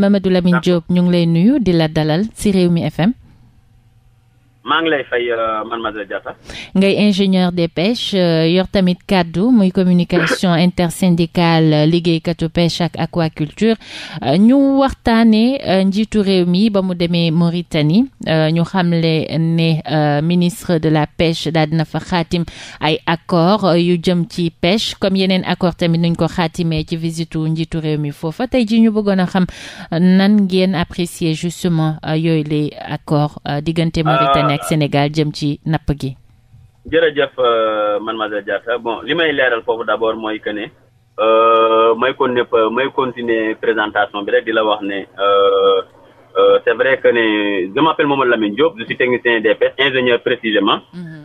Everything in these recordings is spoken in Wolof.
Mamadou Lamine Diop ñu ngi lay nuyu di la dalal ci mi FM maa ngi lay fay euh, ngay ingénieur des pêches euh, yor tamit kàddu muy communication intersyndicale euh, liggéeykatu pêche ak aquaculture ñu waxtaanee njiitu réew mi ba mu demee Mauritanie ñu xamle ne ministre de la pêche daal dina fa xaatim ay accord yu jëm ci pêche comme yeneen accord tamit nuñ ko xaatimee ci visitu njiitu réew mi foofa tey ji ñu bëggoon a xam nan ngeen apprécier justement yooyu les accords diggante Mauritanie. nekk Sénégal jëm ci napp gi. jërëjëf euh, mademoiselle Diatta bon li may leeral foofu d'abord mooy que ne euh, may kon népp may continuer présentation bi rek di la wax ne euh, c'est vrai que ne je m'appelle Mamadou Lamine Diop je suis technicien DPS ingénieur précisément mhm.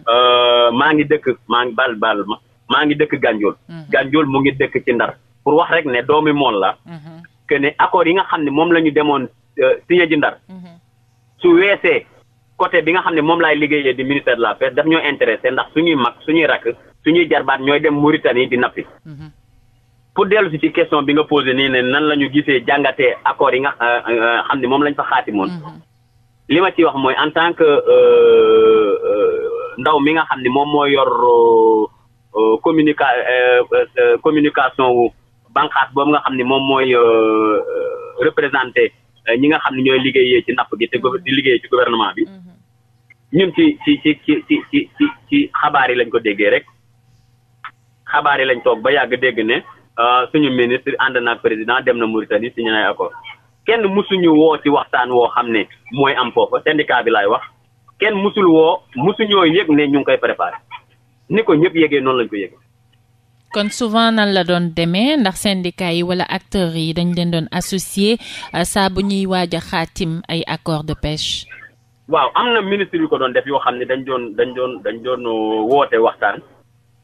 maa ngi dëkk maa ngi bal baal ma maa ngi dëkk Gandiol mhm. Gandiol mu ngi dëkk ci Ndar pour wax rek ne doomi moon la mhm. que ne accord yi nga xam ne moom la ñu demoon signé ji Ndar su weesee côté bi nga xam ne moom laay liggéeyee di ministère de la pêche daf ñoo intéressé ndax suñuy mag suñuy rakk suñuy jarbaat ñooy dem Mauritanie di nappi. Mhm. pour dellu si ci question bi nga posé nii ne nan la ñu gisee jàngatee accords yi nga euh, euh, xam ni moom lañ fa xaatimoon. Mhm. li ma ci wax mooy en tant que euh, ndaw mi nga xam ni moom mooy yor communica communication wu bànqaas boobu nga xam ni moom mooy représenté. Euh, ñi nga xam ne ñooy liggéeyee ci napp gi te di liggéey ci gouvernement bi mm-hmm. ñun ci ci ci ci ci xabaar yi lañ ko déggee rek xabaar yi lañ toog ba yàgg dégg ne euh, suñu ministre ànd naag président dem na Mauritanie signé ay accord kenn musuñu woo ci waxtaan woo xam ne mooy am foofa syndicat laay wax kenn musul woo musuñoo yëg ne ñu ngi koy préparé ni ko ñëpp yëgee noonu lañ ko yëgee kon souvent nan la doon demee ndax syndicat yi wala acteurs yi dañ leen doon associé euh, saa bu ñuy waaj a xaatim ay accord de pêche. waaw am na ministre yu ko doon def yoo xam ne dañ doon dañ doon dañ doon euh, woote waxtaan.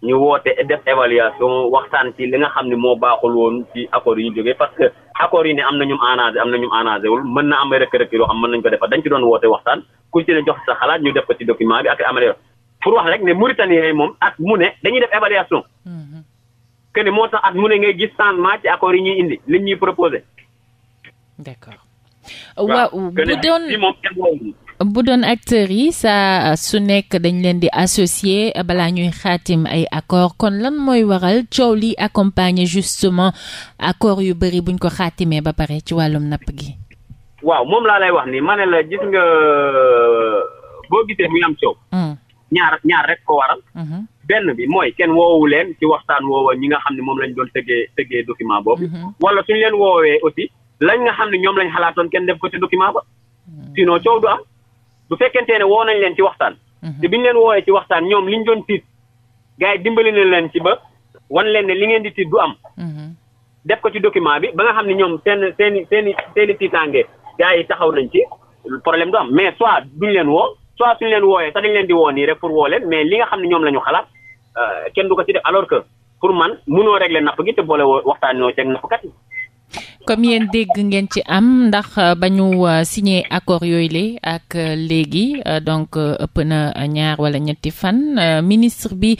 ñu woote def évaluation waxtaan ci li nga xam ne moo baaxul woon ci accords yi ñu parce que accords yi ne am na ñu arrangé am na ñu arrangé wul mën na am ay rëkk-rëkk yoo xam mën nañ ko defar dañ ci doon woote waxtaan ku ci ne jox sa xalaat ñu def ko ci document bi ak amélioration pour wax rek ne Mauritanie moom ak mu ne dañuy def évaluation. Hmm. que moo tax at mu ne ngay gis changement ci accords yi ñuy indi li ñuy proposé. d'accord. waaw bu doon bu doon acteurs yi saa su nekk dañ leen di associé balaa ñuy xaatim ay accord kon lan mooy waral coow li accompagner justement accord yu bëri buñ ko xaatimee ba pare ci wàllum napp gi. waaw moom laa lay wax ni ma ne la gis nga boo gisee muy am coow. Hmm. ñaar ñaar ko waral. Hmm. benn bi mooy kenn woowu leen ci waxtaan woowa ñi nga xam ne moom lañ doon tëggee tëggee document boobu. Mhm. wala suñu leen woowee aussi lañ nga xam ne ñoom lañ xalaatoon kenn def ko ci document ba. Mhm. sinon coow du am bu fekkente ne woo nañ leen ci waxtaan. Mhm. te leen woowee ci waxtaan ñoom liñ doon tiit gars dimbali na leen ci ba wan leen ne li ngeen di tiit du am. def ko ci document bi ba nga xam ne ñoom seen seen i seen i seen i tiitaange gars yi taxaw nañ ci problème du am mais soit duñ leen woo. soit suñu leen wooyee sax dañ leen di woo nii rek pour woo leen mais li nga xam ne ñoom la ñu xalaat euh, kenn du ko ci def alors que pour man mënoo régler napp gi te boole woo waxtaanoo ceeg comme yéen dégg ngeen ci am ndax euh, ba ñu euh, signé accord yooyu le ak léegi donc ëpp na ñaar wala ñetti fan ministre bi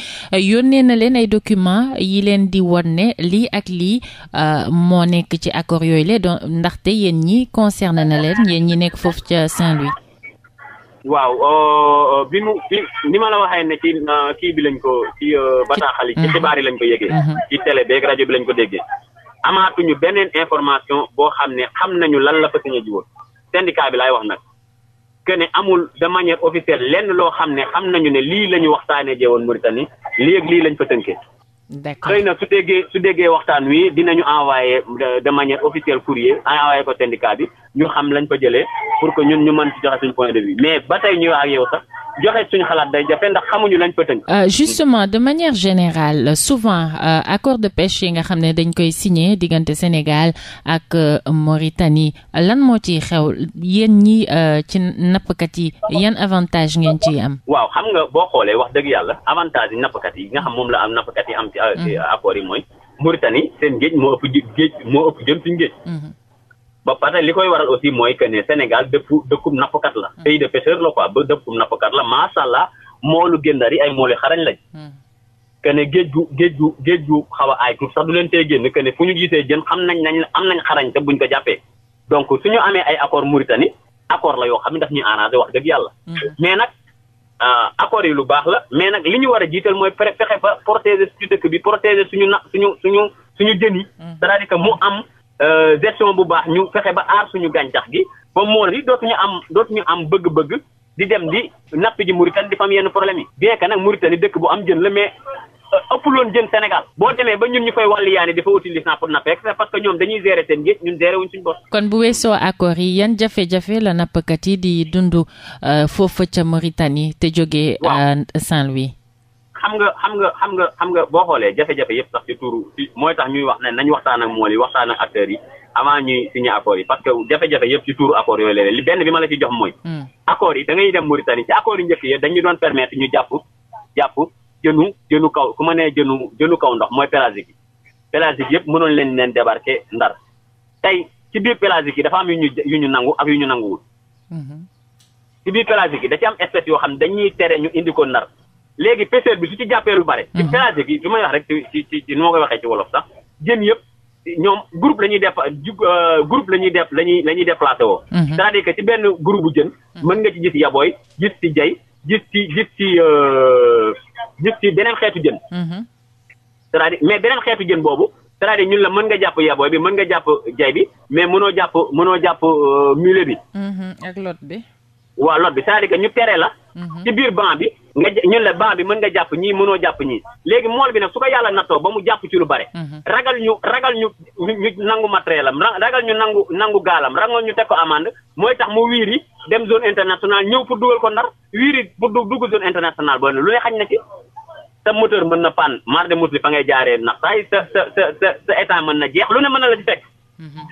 yónnee na leen ay documents yi leen di won ne lii ak lii moo nekk ci accord yooyu le donc ndaxte yéen ñi concerné na leen yéen ñi nekk foofu ca Saint-Louis. waaw euh, bi mu bi ni ma la waxee ne ci euh, kii bi lañ ko euh, ci bataaxal ci mhm. xibaar lañ ko yëgee. Mhm. ci télé beeg rajo bi lañ ko déggee. amaatuñu beneen information boo xam ne xam nañu lan la fa sañ ji woon syndicat bi laay wax nag que ne amul de manière officielle lenn loo xam ne xam nañu ne lii la ñu waxtaanee jee woon Mauritanie lii ak lii lañ fa tënkee. d'accord xëy na su déggee su déggee waxtaan wi dinañu envoyé de manière officielle courrier envoyé ko syndicat bi ñu xam lañ ko jëlee pour que ñun ñu mën ci joxe suñu point de vue mais ba tey ñu wax ak yow sax joxe suñu xalaat day jafe ndax xamuñu lañ fa tënk. Euh, justement de manière générale souvent euh, accord de pêche yi nga xam ne dañ koy signé diggante Sénégal ak euh, Mauritanie lan moo ci xew yéen ñi ci nappkat yi yan avantage ngeen ciy am. waaw xam nga boo xoolee wax dëgg yàlla avantage yi nappkat yi nga xam moom la am nappkat ci euh, ci mhm. accord yi mooy Mauritanie seen géej moo ëpp géej moo ëpp jën suñu géej mhm. ba pare li koy waral aussi mooy que ne Sénégal dëkku dëkkub nappkat la mhm. pays de pêcheur la ko ba dëkkub nappkat la macha allah moolu géndar yi ay moolu xarañ lañ que ne géej gu géej gu géej gu xaw a aay tuuti sax du leen tee génn que ne fu ñu gisee jën xam nañ nañ am nañ xarañ te buñ ko jàppee donc ñu amee ay accord Mauritanie accord la yoo xam ne daf ñuy arrangé wax dëgg yàlla mais nag Euh, accords yi lu baax la mais nag li ñu war a jiital mooy fexe ba protéger suñu dëkk bi protéger suñu na suñu suñu suñu jën yi. Mm. c'est-à-dire que mu am euh, gestion bu baax ñu fexe ba aar suñu gàncax gi ba mool yi dootuñu am dootuñu am bëgg-bëgg di dem di napp ji Mauritanie di fa am yenn problème yi bien que nag Mauritanie dëkk bu am jën la mais ëpploon jën Sénégal boo demee ba ñun ñu koy wàlliyaani dafa utile na pour nappee c'est parce que ñoom dañuy gérer seen géej ñun gérer wuñ suñu bopp kon bu weesoo accord yi yan jafe-jafe la nappkat yi di dund euh, foofa ca Mauritanie te jógee euh, Saint-Louis xam nga xam nga xam nga xam nga boo xoolee jafe-jafe yëpp tax ci tuuru ci mooy tax ñuy wax ne nañ waxtaan ak mool yi waxtaan ak acteurs yi avant ñuy ñu accords yi parce que jafe-jafe yëpp ci tuuru accords yooyu léeg benn bi ma la ci jox mooy hmm. accords yi da ngay dem Mauritanie ci accords yi njëkk yi dañu doon permettre ñu jàpp jàpp jënu jënu kaw ku manee jënu jënu kaw ndox mooy pélagique yi pélagique yëpp mënoon leen leen débarquer ndar tey ci biir pélagique yi dafa am yu ñu yu ñu nangu ak yu ñu nanguwul mhm. ci biir pélagique yi da am espèce yoo xam dañuy tere ñu indi ko ndar léegi pêcheur bi su ci jàppee lu bare ci mhm. pélagique yi li rek ci ci ci nu ma koy waxee ci wolof sax jën yëpp ñoom groupe la ñuy def euh, groupe la ñuy def la ñuy la ñuy déplacé woo mhm. c'est-à-dire ci benn groupe bu jën mën nga ci gis yabooy gis ci jay gis ci gis ci euh, jëf ci beneen xeetu jën. Mm-hmm. cest beneen xeetu jën boobu cest à ñun la mën nga jàpp yabooy bi mën nga jàpp jay bi mais mënoo jàpp mënoo jàpp euh, mulet bi. Mm-hmm. ak lot bi. waaw lot bi cest à ñu tere la. Mm-hmm. ci biir ban bi nga ñun la ban bi mën nga jàpp ñii mënoo jàpp ñii léegi mool bi nag su ko yàlla nattoo ba mu jàpp ci lu bare. ragal ñu ragal ñu ñu nangu matériel am ragal ñu nangu nangu gaalam ragal ñu teg ko amande mooy tax mu wiiri dem zone internationale ñëw pour dugal ko ndar wiiri pour dugg zone internationale boobu lu ne xañ na ci. sa moteur mën na panne mar de musli fa ngay jaaree nax saay sa sa sa sa sa mën na jeex lu ne mën na la di fekk mhm.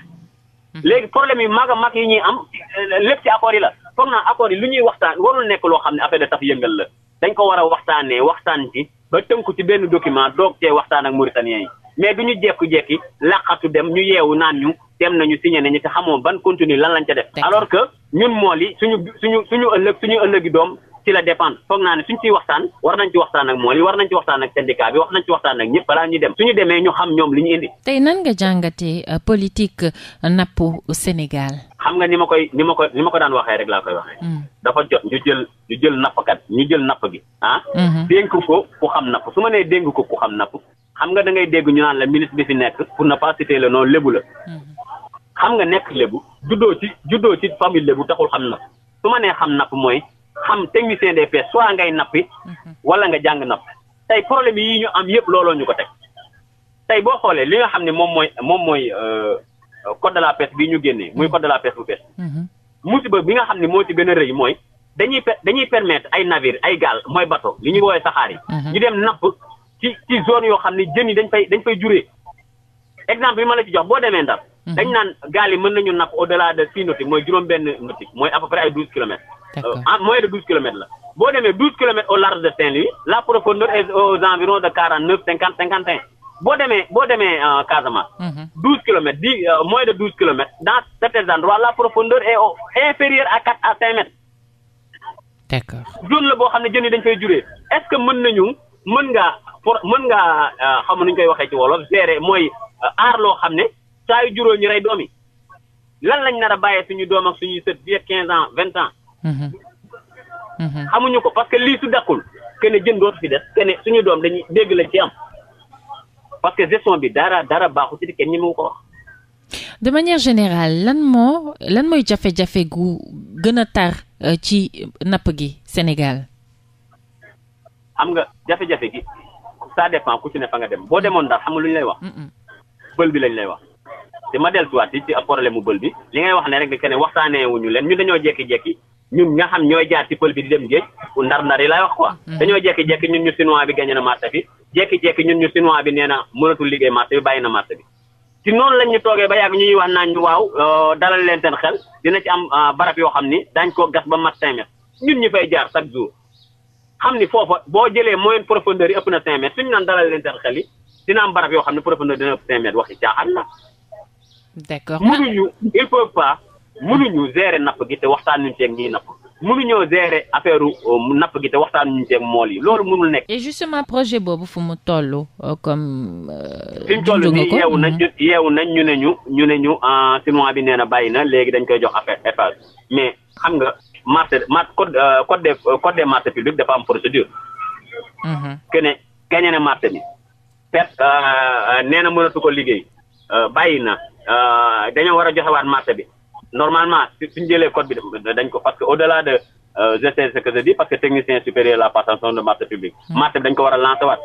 Mhm. léegi problème yi mag a mag yi ñuy am euh, lépp ci accords yi la foog naa accords yi lu ñuy waxtaan warul nekk loo xam ne affaire de taf yëngal la dañ ko war a waxtaanee waxtaan ci ba tënku ci benn document doog cee waxtaan ak Mauritaniens yi mais du ñu jekku-jekki laqatu dem ñu yeewu naan ñu dem nañu signé nañu te xamoon ban continue lan lañ ca def alors que ñun mool yi suñu suñu suñu ëllëg suñu ëllëgi doom ci la dépendre foog naa ne suñ ciy waxtaan war nañ ci waxtaan ak mool yi war nañ ci waxtaan ak syndicat bi wax nañ ci waxtaan ak ñëpp balaa ñuy dem suñu demee ñu xam ñoom li ñu indi. tey nan nga jàngatee euh, politique euh, nappu Sénégal. xam nga ni ma koy ni ma ko ni ma ko daan waxee rek laa koy waxee. Mm. dafa jot ñu jël ñu jël nappkat ñu jël napp gi ah. Mm-hmm. dénk ko ku xam napp su ma nee dénk ko ku xam napp xam nga da ngay dégg ñu naan la ministre bi fi nekk pour na pas citer le nom la. Mm-hmm. xam nga nekk lébu juddoo ci juddoo ci taxul xam napp su ma nee xam napp mooy xam technicien des pêches soit ngay nappi wala nga jàng napp tey problème yi ñu am yëpp looloo ñu ko teg tey boo xoolee li nga xam ne moom mooy moom mooy euh, code de la pêche bi ñu génnee muy code de la pêche bu bees mhm. musiba bi nga xam ne moo ci gën a rëy mooy dañuy dañuy permettre ay navire ay gaal mooy bateau li ñuy woowee saxaar yi mhm. ñu dem napp ci ci zone yoo xam ne jën yi dañ fay dañ fay juree exemple bi ma la ci jox boo demee Ndar mhm. dañ naan gaal yi mën nañu napp au delà de six juróom benn nautique mooy à peu Euh, en moins de douze kilomètres la boo demee douze kilomètres au large de Saint-Louis la profondeur est aux de quarante neuf cinquante cinquante et un boo demee boo demee euh, Casamance. Mhm. douze kilomètres di euh, moins de douze kilomètres dans certains endroits la profondeur est au inférieure à quatre à la boo xam ne jën dañ koy juree est-ce que mën na nañu mën ngaa pour mën nga xamu nu ñu koy waxee ci wolof gérer mooy aar loo xam ne saa yu juróo ñu rey doom yi lan lañ nar a bàyyee suñu doom ak suñuy sët fii ak quinze ans vingt ans. Mm-hmm. Mm-hmm. xamuñu ko parce que lii su dakkul kenn jën dootu fi des kene suñu doom dañuy dégg lañ ci am parce que gestion bi dara dara baaxu ci di kenn ñi mu ko wax. de manière générale lan moo lan mooy jafe-jafe gu gën a tar euh, ci napp gi Sénégal. xam nga jafe-jafe gi ça dépend ku ci ne fa nga dem boo demoon daal xam nga lu ñu lay wax. bël bi lañ lay wax. di ma dellusiwaat ci ci problème mu bël bi. li ngay wax ne rek ne kenn waxtaanee wuñu leen ñu dañoo jékki-jékki. ñun nga xam ñooy jaar ci pël bi di dem géej ndar ndar yi lay wax quoi. Mm-hmm. dañoo jékki-jékki ñun ñu chinois bi gagné na marché bi jékki-jékki ñun ñu chinois bi nee na mënatul liggéey marché bi bàyyi na marché bi. ci noonu lañ ñu ba yàgg ñuy wax naan waaw euh, dalal leen xel dina ci am euh, barab yoo xam ni daañ koo gas ba mat 5 ñun ñu fay jaar chaque jour. xam ni foofa boo jëlee mooy profondeur yi ëpp na 5 mètres suñu naan dalal leen seen xel yi dina am yoo xam ne profondeur dina ëpp 5 mètres waxi mënuñu gérer napp gi te waxtaan nuñu teeg ñiy napp mënuñoo gérer affaire euh, napp gi te waxtaan nuñu teeg mool yi loolu mënul nekk. et justement projet boobu fu mu toll euh, comme. Euh, fi mu toll nii yeewu nañ mhm. yeewu nañ ñu ne ñu ñu ne ñu ah, chinois bi nee na bàyyi na léegi dañ koy jox affaire Eiffage mais xam nga marché mar code code des code des marchés publics dafa am procédure. Mhm. que ne gagné na bi. perte nee na mënatu ko liggéey bàyyi na dañoo war a joxewaat marché bi. normalement suñ jëlee code bi dañ ko parce que au delà de euh, je sais ce que je dis parce que technicien supérieur la passation de marché public. Hmm. marché bi dañ ko war a lancer waat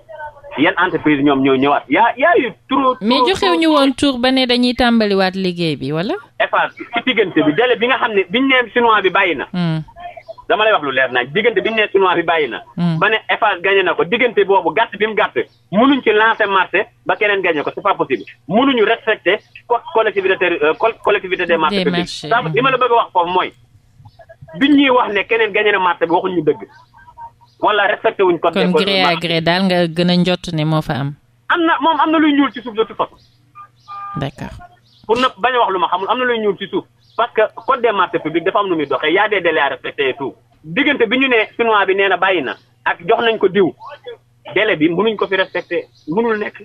entreprise ñoom ñoo ñëwaat yaa yu trop. mais joxewuñu woon tur ba ne dañuy tàmbaliwaat liggéey bi wala. Eiffage ci diggante bi délai bi nga xam ne biñ ne chinois bi bàyyi na. Hmm. dama lay wax lu leer naaj diggante bi ñu ne chinois bi bàyyi na. Hmm. ba ne Eiffage gagné na ko diggante boobu gàtt bi mu gàtt mënuñ ci lancer marché ba keneen gagné ko c'est pas possible mënuñu respecter co collectivité euh, collectivité des marchés publics. li ma la bëgg a wax foofu mooy biñ ñuy wax ne keneen gagné na marché bi waxuñu dëgg wala respecté wuñ. kon gré à gré daal nga gën a njott ne moo fa am. am na moom am na luy ñuul ci suuf de toute façon. d'accord. pour na bañ a wax lu ma xamul am na luy ñuul ci suuf. parce que code des marchés publics dafa am nu muy doxee y a des délais à respecter tout diggante bi ñu nee chinois bi nee na bàyyi na ak jox nañ ko diw délai bi mënuñ ko fi respecter mënul nekk.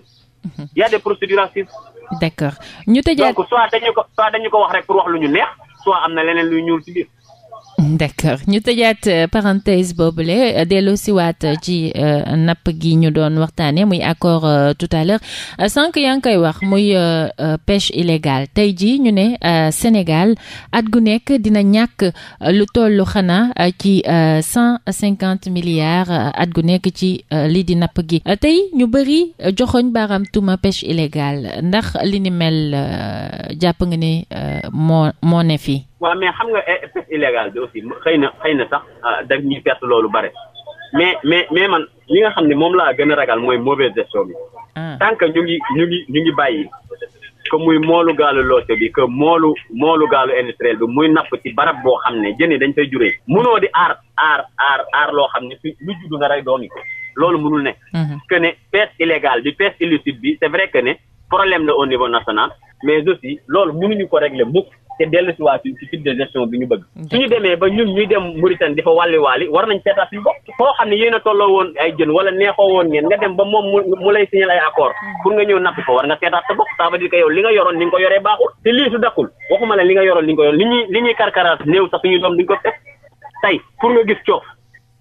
Mhm. y a des procédures à suivre. d' accord ñu tëjee donc soit dañu ko soit dañu ko wax rek pour wax lu ñu neex soit am na leneen luy ñuul si biir. d'accord ñu tëjaat euh, parenthèse boobule euh, dellu siwaat euh, ci napp gi ñu doon waxtaane muy accord tout à sànq yaa ngi koy wax muy pêche illégale tey ji ñu ne Sénégal at gu nekk dina ñàkk lu tollu xanaa ci cent cinquante milliards at gu nekk ci lii di napp gi tey ñu bëri joxoñ baaraam tuuma pêche illégale ndax li ni mel jàpp nga ne moo moo ne fii waa mais xam nga eh, pêche illégale bi aussi xëy na xëy na sax ah, dag ñuy perte loolu bare mais mais mais man li nga xam ni moom laa gën a ragal mooy mauvaise gestion bi. Ah. tant ñu ngi ñu ngi ñu ngi bàyyi que muy moolu gaalu loose bi que moolu moolu gaalu industriel bi muy napp ci barab boo xam ne jën yi dañ fay juree. munoo di aar aar aar aar loo xam ne fi lu judd nga rey doom yi loolu munul nekk. Mhm. que ne pêche illégale bi pêche illicite bi c'est vrai que ne problème la au niveau national mais aussi loolu mënuñu ko régler mukk. te dellu si waat ci fil de gestion bi ñu bëgg. suñu demee ba ñun ñuy dem Mauritanie di fa wàlli waali war nañ seetaat suñu bopp. koo xam ne yéen a tolloo woon ay jën wala neexoo woon ngeen nga dem ba moom mu lay signal ay accord hmm. pour nga ñëw napp ko war nga seetaat sa bopp ça veut dire que yow li nga yoroon ni nga ko yoree baaxul. te lii su dakkul waxuma la li nga yoroon ni nga yoroon li ñuy li ñuy karkaraas néew sax suñu doom duñ nga gis coof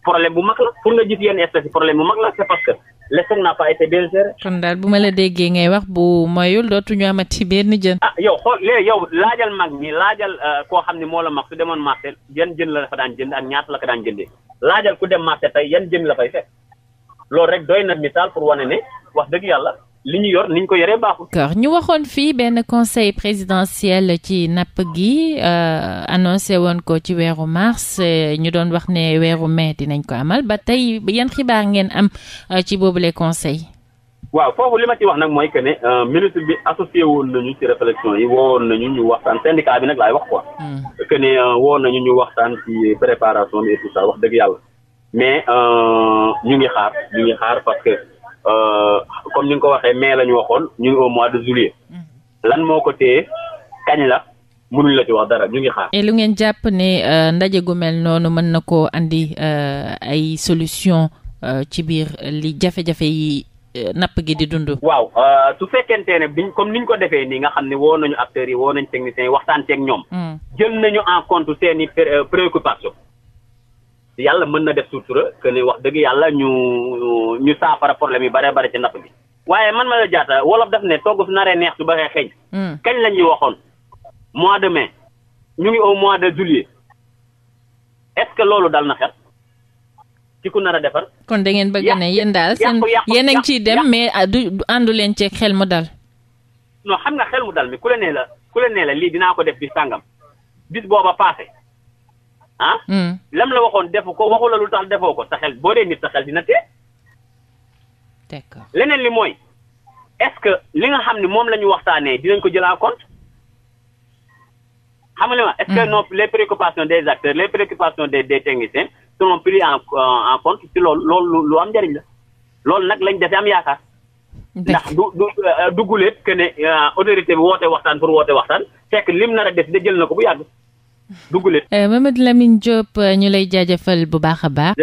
problème pour nga gis leçon n'a pas été bien gérée. daal bu ma la déggee ngay wax bu mayul dootuñu amati benn jën. ah yow xool léegi yow laajal mag mi laajal euh, koo xam ne moo la mag su demoon marché yan jën la fa daan jënd ak ñaata la ko daan jëndee laajal ku dem marché tey yan jën la fay fekk loolu rek doy na misaal pour wane ne wax dëgg yàlla. li ñu yor ni ko yoree baaxul. d'accord ñu waxoon fii benn conseil présidentiel ci napp gi euh, annoncé woon ko ci weeru mars ñu doon wax ne weeru mai dinañ ko amal ba tey yan xibaar ngeen am euh, ci boobule conseil. waaw foofu li ma ci wax nag mooy que ne euh, ministre bi associé woon nañu ci réflexion yi woon nañu ñu waxtaan syndicat bi nag laay wax ko hmm. que ne woon nañu ñu waxtaan ci préparation bi tout ça wax dëgg yàlla mais ñu ngi xaar ñu ngi xaar parce Euh, comme ni nga ko waxee mais la waxoon ñu ngi au mois de juillet mhm. lan moo ko téye kañ la mënuñ la ci wax dara ñu ngi xaar. et lu ngeen jàpp ne euh, ndaje gu mel noonu mën na koo andi euh, ay solution ci biir li jafe-jafe yi napp gi di dund. waaw su fekkente ne biñ comme niñ ko defee nii nga xam ne woo nañu acteurs yi woo nañu techniciens yi waxtaan ceeg ñoom. Mm. jël nañu en compte seen i pré préoccupation yàlla mën na def sutura que ni wax dëgg yàlla ñu ñu saafara problème yi bare bare ci napp bi waaye man ma la jaata wolof daf ne togg su naree neex su baxee xeeñ hmm. kañ la ñuy waxoon mois de mai ñu ngi au mois de juillet est-ce que loolu dal na xel ci ku nar a defar kon da ngeen bëgg ne yéen daal seen yéen a ngi dem mais ah, du àndu leen ceeg xel mu dal noo xam nga xel mu dal mi ku la nee la ku la nee la lii dinaa ko def bi sàngam bis booba paase ah. Hmm. lam la waxoon defu ko waxu la lu tax defoo ko sa xel boo dee nit sa xel dina tee. leneen li mooy est-ce que li nga xam ni moom la ñu waxtaanee dinañ ko jël en compte. xam nga ma est-ce que hmm. non les préoccupations des acteurs les préoccupations des des techniciens sont pris en en compte ci loolu loolu lu am njëriñ la loolu nag lañ defee am yaakaar. ndax du du euh, dugguleet que ne euh, autorité bi woote waxtaan pour woote waxtaan fekk lim nar a def de jël na ko bu yàgg. dugg leen. Euh, Mamadou Lamine Diop euh, ñu lay jaajëfal bu baax a baax.